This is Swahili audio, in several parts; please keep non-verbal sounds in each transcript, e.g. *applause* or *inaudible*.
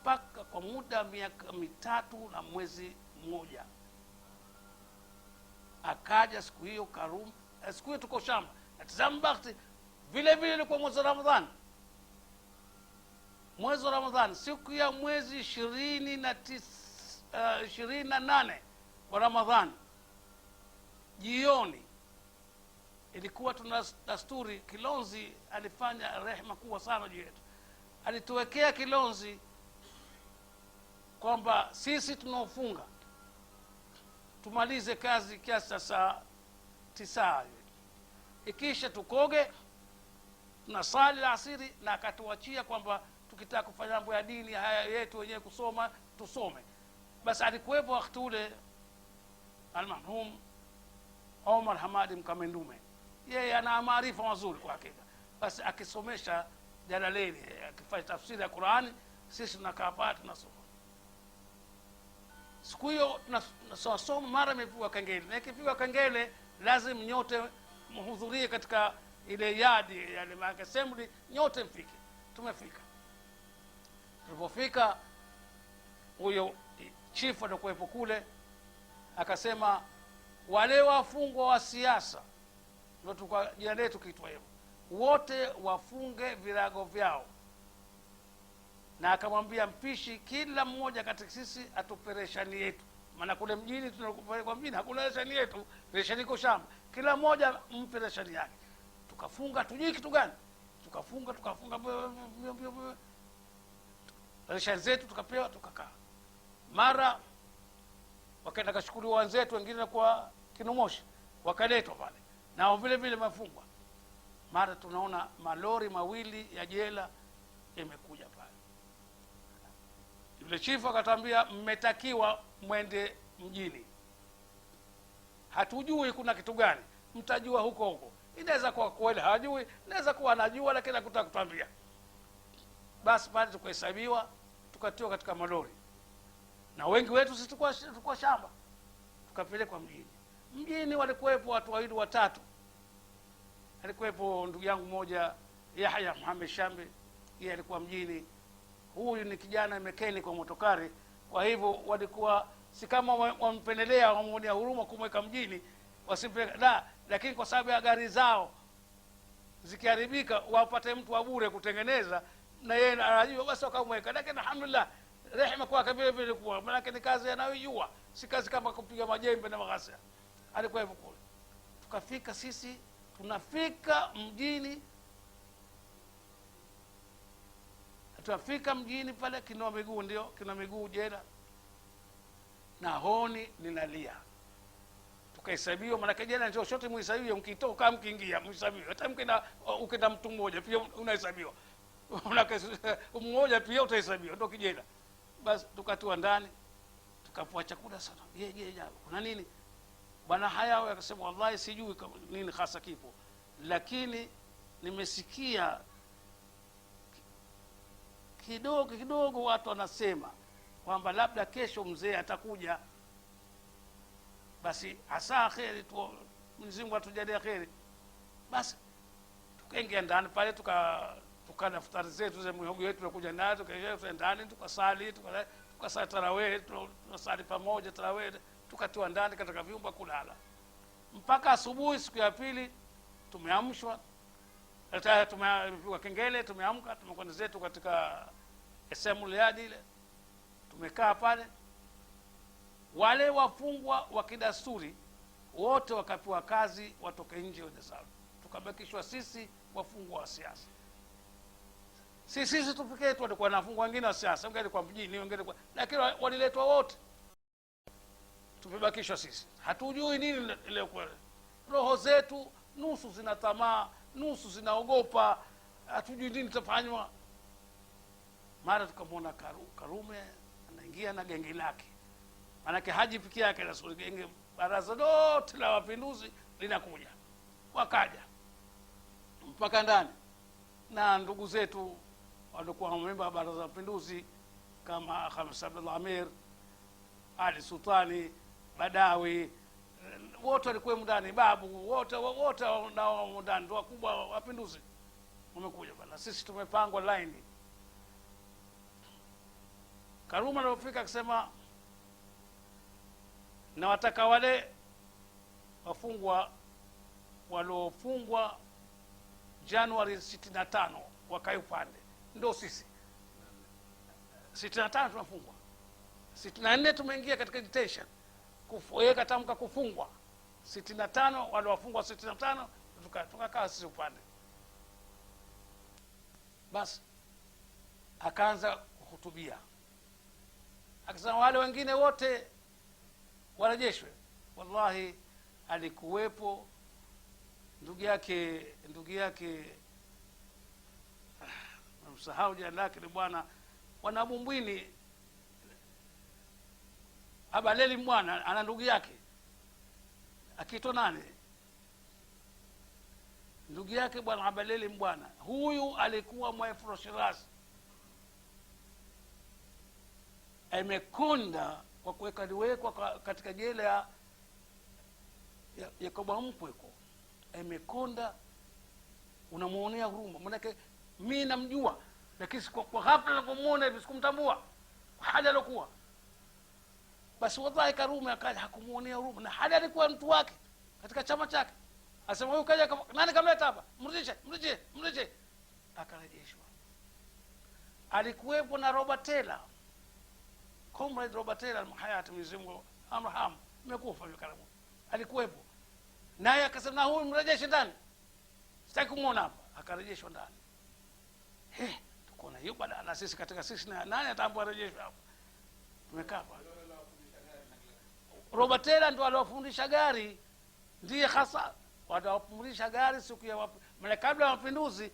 mpaka kwa muda wa miaka mitatu na mwezi mmoja. Akaja siku hiyo Karum, eh, siku hiyo tuko shamba natizama bakti vile vile, ilikuwa mwezi wa Ramadhani, mwezi wa Ramadhani, siku ya mwezi ishirini na tisa eh, ishirini na nane wa Ramadhani jioni ilikuwa tuna dasturi, Kilonzi alifanya rehema kubwa sana juu yetu, alituwekea Kilonzi kwamba sisi tunaofunga tumalize kazi kiasi cha saa tisa, ikisha tukoge tuna sali la asiri, na akatuachia kwamba tukitaka kufanya mambo ya dini haya yetu wenyewe kusoma tusome. Basi alikuwepo wakti ule almarhum Omar Hamadi Mkamendume, yeye ana maarifa mazuri kwa hakika. Basi akisomesha Jalaleni, akifanya tafsiri ya Qurani, sisi tunakaa paa tunasoma siku hiyo swasoma mara imepigwa kengele, na ikipigwa kengele lazima nyote mhudhurie katika ile yadi yale assembly, nyote mfike. Tumefika, tulipofika huyo chifu aliokuwepo kule akasema wale wafungwa wa siasa ndo jina letu kitwa hivyo, wote wafunge virago vyao na akamwambia mpishi, kila mmoja kati sisi atupe reshani yetu, maana kule mjini tunakupeleka mjini, hakuna reshani yetu, reshani iko shamba, kila mmoja mpe reshani yake. Tukafunga tujui kitu gani, tukafunga tukafunga, reshani zetu tukapewa, tukakaa. Mara wakaenda kashukuliwa wenzetu wengine kwa Kinomoshi, wakaletwa pale nao vile vile mafungwa. Mara tunaona malori mawili ya jela yamekuja pale yule chifu akatwambia, mmetakiwa mwende mjini, hatujui kuna kitu gani, mtajua huko huko. Inaweza kuwa kweli hajui, inaweza kuwa anajua, lakini akuta kutwambia. Basi pale tukahesabiwa, tukatiwa katika malori, na wengi wetu sisi tulikuwa shamba, tukapelekwa mjini. Mjini walikuwepo watu wawili watatu, alikuwepo ndugu yangu moja Yahya Muhamed Shambe, yeye alikuwa mjini huyu ni kijana mekeni kwa motokari. Kwa hivyo walikuwa si kama wampendelea, wamonia huruma kumweka mjini wasimpeleka lakini kwa sababu ya gari zao zikiharibika wapate mtu wa bure kutengeneza, na yeye anajua basi, wakamweka. Lakini alhamdulillah, rehema kwake vile vile kuwa, manake ni kazi anayojua, si kazi kama kupiga majembe na maghasia. Alikuwa hivyo kule, tukafika sisi tunafika mjini Tutafika mjini pale, kinoa miguu ndio kina miguu jela na honi ninalia, tukahesabiwa. Maanake jela ndio shote mhesabiwa, mkitoka mkiingia mhesabiwa, hata mkenda ukenda uh, mtu mmoja pia unahesabiwa *laughs* *laughs* mmoja pia utahesabiwa, ndio kijela. Basi tukatua ndani, tukapoa chakula sana, je kuna nini bwana? Haya, akasema wallahi, sijui nini hasa kipo, lakini nimesikia kidogo kidogo watu wanasema kwamba labda kesho mzee atakuja, basi hasa kheri tu, Mwenyezi atujalia kheri. Basi tukaingia ndani pale tuka futari zetu ze mihogo yetu tunakuja nayo, tukaingia tuka ndani tukasali, tukasali tarawee tarawehe, tunasali pamoja tarawehe, tukatiwa ndani katika vyumba kulala mpaka asubuhi. Siku ya pili tumeamshwa sasa tumepigwa kengele, tumeamka, tumekwenda zetu katika esemuliadi ile, tumekaa pale. Wale wafungwa wa kidasturi wote wakapewa kazi, watoke nje wajasalu, tukabakishwa sisi wafungwa wa siasa. Si sisi tufikiri tu walikuwa na wafungwa wengine wa siasa, wengine kwa mjini, wengine kwa, lakini waliletwa wote, tumebakishwa sisi. Hatujui nini ile, roho zetu nusu zina tamaa nusu zinaogopa, hatujui nini tafanywa. Mara tukamwona Karu, Karume anaingia na genge lake, maanake haji piki yake na genge, baraza lote la wapinduzi linakuja. Wakaja mpaka ndani na ndugu zetu walikuwa memba wa baraza la mapinduzi kama Khamis Abdul Amir, Ali Sultani, Badawi wote walikuwa ndani, babu wote wote nao ndani, ndio wakubwa wapinduzi wamekuja bana, sisi tumepangwa laini. Karume akisema na wataka wale wafungwa waliofungwa Januari 65 wakae upande, ndio sisi. 65 tunafungwa, 64 tumeingia katika detention yeye katamka kufungwa sitini na tano waliwafungwa sitini na tano tukakaa sisi upande basi akaanza kuhutubia akisema wale wengine wote warejeshwe. Wallahi, alikuwepo ndugu yake ndugu yake *sighs* namsahau jina lake ni bwana wanabumbwini Abaleli mwana ana ndugu yake akitwa nani? Ndugu yake bwana Abaleli mbwana, huyu alikuwa Mwaefrosirasi, amekonda kwa kuweka liwekwa katika jela ya Yakoba mpweko, amekonda unamuonea huruma, manake mi namjua, lakini kwa ghafla navyomwona hivi sikumtambua hali alokuwa basi wallahi Karume akaja hakumuonea huruma, na hali alikuwa mtu wake katika chama chake. Asema huyu kaja, nani kamleta hapa? Mrudishe, mrudishe, mrudishe. Akarejeshwa. Alikuwepo na Robert tela comrade Robert tela mhayati Mwenyezi amraham mekufa amekufa hivi karibuni. Alikuwepo naye akasema, na huyu mrejeshe ndani, sitaki kumwona hapa. Akarejeshwa ndani. He, tukaona hiyo badala sisi katika sisi na nani atambua rejeshwa hapa, tumekaa hapa robatela ndo aliwafundisha gari ndiye hasa wadawafundisha gari siku ya maana kabla ya mapinduzi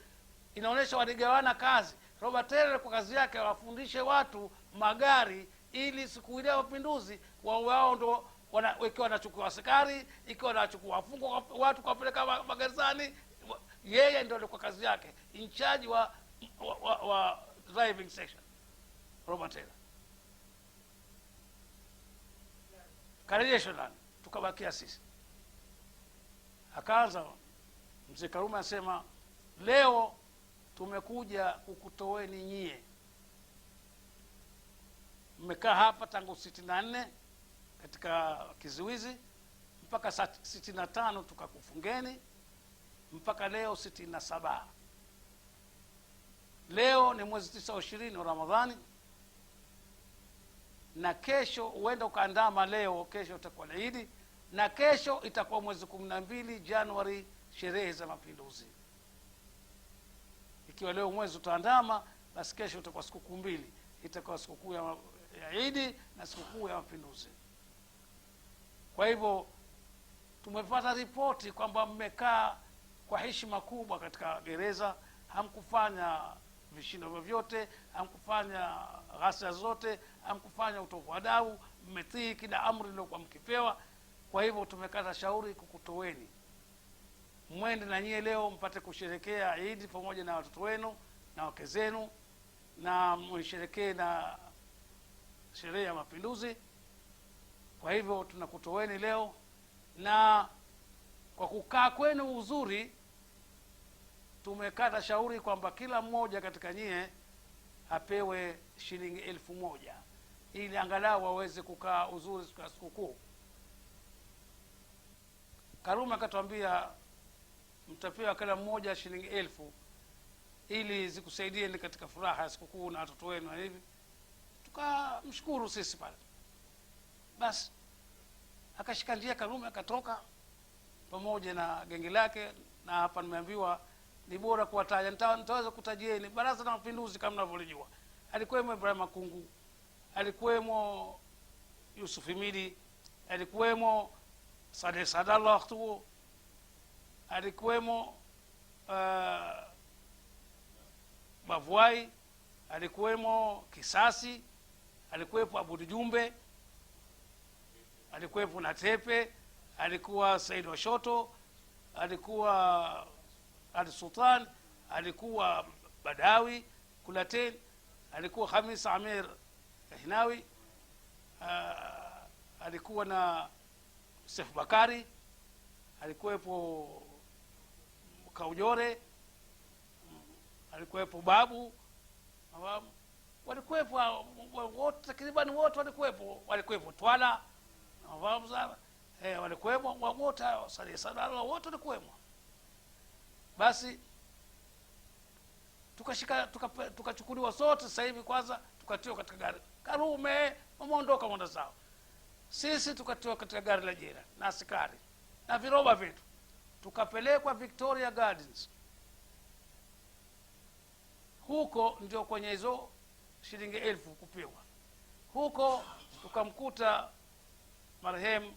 inaonyesha waligawana kazi robatela kwa kazi yake wafundishe watu magari ili siku ile ya mapinduzi wao ndo wana, ikiwa wanachukua askari ikiwa wanachukua wafungwa watu kuwapeleka magerezani yeye ndo alikuwa kazi yake in charge wa, wa, wa, wa driving section robatela karejesho nani tukabakia sisi. Akaanza mzee Karume asema, leo tumekuja kukutoweni nyie, mmekaa hapa tangu sitini na nne katika kizuizi mpaka sitini na tano tukakufungeni mpaka leo sitini na saba. Leo ni mwezi tisa wa ishirini wa Ramadhani na kesho huenda ukaandama leo, kesho itakuwa laidi na kesho itakuwa mwezi kumi na mbili Januari, sherehe za mapinduzi. Ikiwa leo mwezi utaandama, basi kesho itakuwa sikukuu mbili, itakuwa sikukuu ya, ya Idi na sikukuu ya mapinduzi. Kwa hivyo tumepata ripoti kwamba mmekaa kwa heshima kubwa katika gereza, hamkufanya vishindo vyovyote, amkufanya ghasia zote, amkufanya utovu adabu, mmetii kila amri liokuwa mkipewa. Kwa hivyo tumekata shauri kukutoweni, mwende na nyie leo mpate kusherekea Idi pamoja na watoto wenu na wake zenu, na mwisherekee na sherehe ya Mapinduzi. Kwa hivyo tunakutoweni leo, na kwa kukaa kwenu uzuri tumekata shauri kwamba kila mmoja katika nyie apewe shilingi elfu moja ili angalau waweze kukaa uzuri siku ya sikukuu. Karume akatwambia mtapewa kila mmoja shilingi elfu ili zikusaidieni katika furaha ya sikukuu na watoto wenu nahivi hivi. Tukamshukuru sisi pale, basi akashika njia Karume akatoka pamoja na genge lake, na hapa nimeambiwa ni bora kuwataja. Nitaweza kutajieni Baraza la Mapinduzi kama mnavyolijua, alikuwemo Ibrahim Makungu, alikuwemo Yusuf midi alikuwemo sade Sadallah wakati huo, alikuwemo uh, Bavuai, alikuwemo Kisasi, alikuwepo Abudi Jumbe, alikuwepo Natepe, alikuwa Said Washoto, alikuwa al-Sultan alikuwa Badawi kulatin alikuwa Khamis Amir Hinawi uh, alikuwa na Sefu Bakari alikuwepo Kaujore alikuwepo Babu walikuwepo wote takriban wote walikuwepo walikuwepo Twala afahamu sana eh, walikuwemo wote wote walikuwemo basi tukashika tukachukuliwa tuka sote sasa hivi kwanza tukatiwa katika gari Karume wameondoka mwanda sawa, sisi tukatiwa katika gari la jera na askari na viroba vyetu, tukapelekwa Victoria Gardens. Huko ndio kwenye hizo shilingi elfu kupigwa huko, tukamkuta marehemu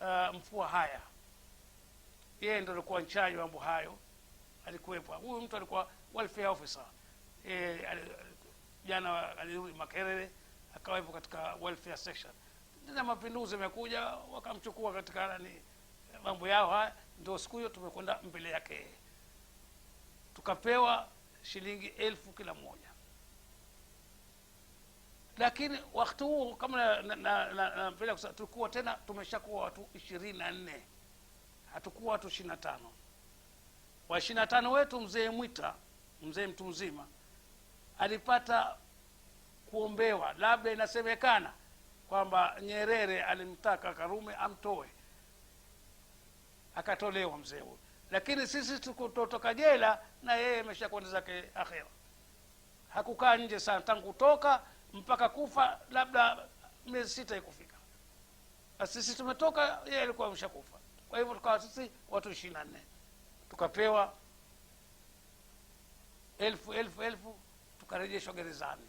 uh, Mfua haya yeye ndo alikuwa nchaji mambo hayo, alikuwepo huyu mtu, alikuwa welfare officer eh, jana alirudi Makerere akawa hivyo katika welfare section. Na mapinduzi yamekuja wakamchukua katika nani mambo yao haya, ndio siku hiyo tumekwenda mbele yake tukapewa shilingi elfu kila mmoja, lakini wakati huo kama na, na, na, na, tulikuwa tena tumeshakuwa watu ishirini na nne hatukuwa watu ishirini na tano wa ishirini na tano wetu mzee Mwita, mzee mtu mzima, alipata kuombewa, labda inasemekana kwamba Nyerere alimtaka Karume amtoe, akatolewa mzee huyo, lakini sisi tukutotoka jela na yeye amesha kwenda zake akhera. Hakukaa nje sana tangu kutoka mpaka kufa, labda miezi sita ikufika. Sisi tumetoka, yeye alikuwa ameshakufa. Kwa hivyo tukawa sisi watu ishirini na nne tukapewa elfu elfu elfu, tukarejeshwa gerezani.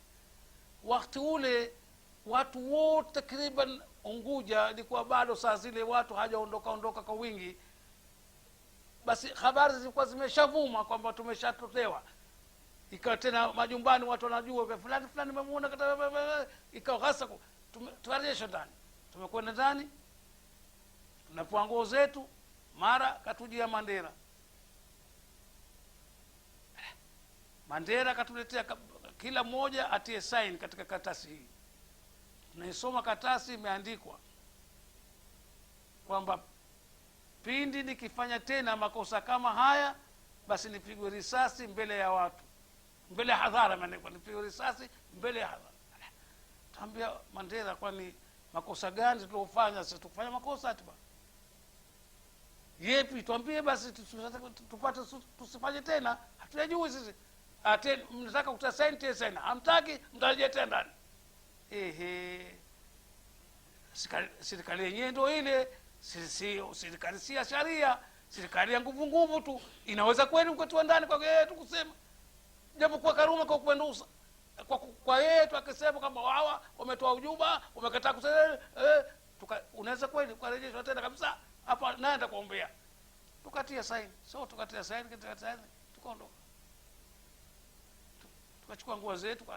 wakti ule watu wote takriban Unguja ilikuwa bado saa zile watu hawajaondoka ondoka kwa wingi, basi habari zilikuwa zimeshavuma kwamba tumeshatotewa. Ikawa tena majumbani watu wanajua vya fulani fulani, memuona, ikawa hasa tukarejeshwa ndani, tumekwenda ndani na nguo zetu mara katujia Mandera, Mandera katuletea kila mmoja atie sign katika karatasi hii. Tunaisoma karatasi, imeandikwa kwamba pindi nikifanya tena makosa kama haya, basi nipigwe risasi mbele ya watu, mbele ya hadhara. Imeandikwa nipigwe risasi mbele ya hadhara. tambia Mandera, kwani makosa gani tuliofanya? Sisi tukufanya makosa ati yepi, twambie basi tupate, tusifanye tena, hatuyajui sisi. Ah, mnataka kuta sente tena, hamtaki tena ndani. Ehe, serikali yenyewe ndo ile, serikali si ya sharia, serikali ya nguvu nguvu tu. Inaweza kweli mketua ndani kwa kusema, japo kwa Karume kwa kupendusa kwa, kwa yeye tu akisema kwamba wawa wametoa ujuba wamekataa kusema eh, unaweza kweli ukarejeshwa tena kabisa hapa naye atakuombea. Tukatia saini, so tukatia saini, tukaondoka, tukachukua nguo zetu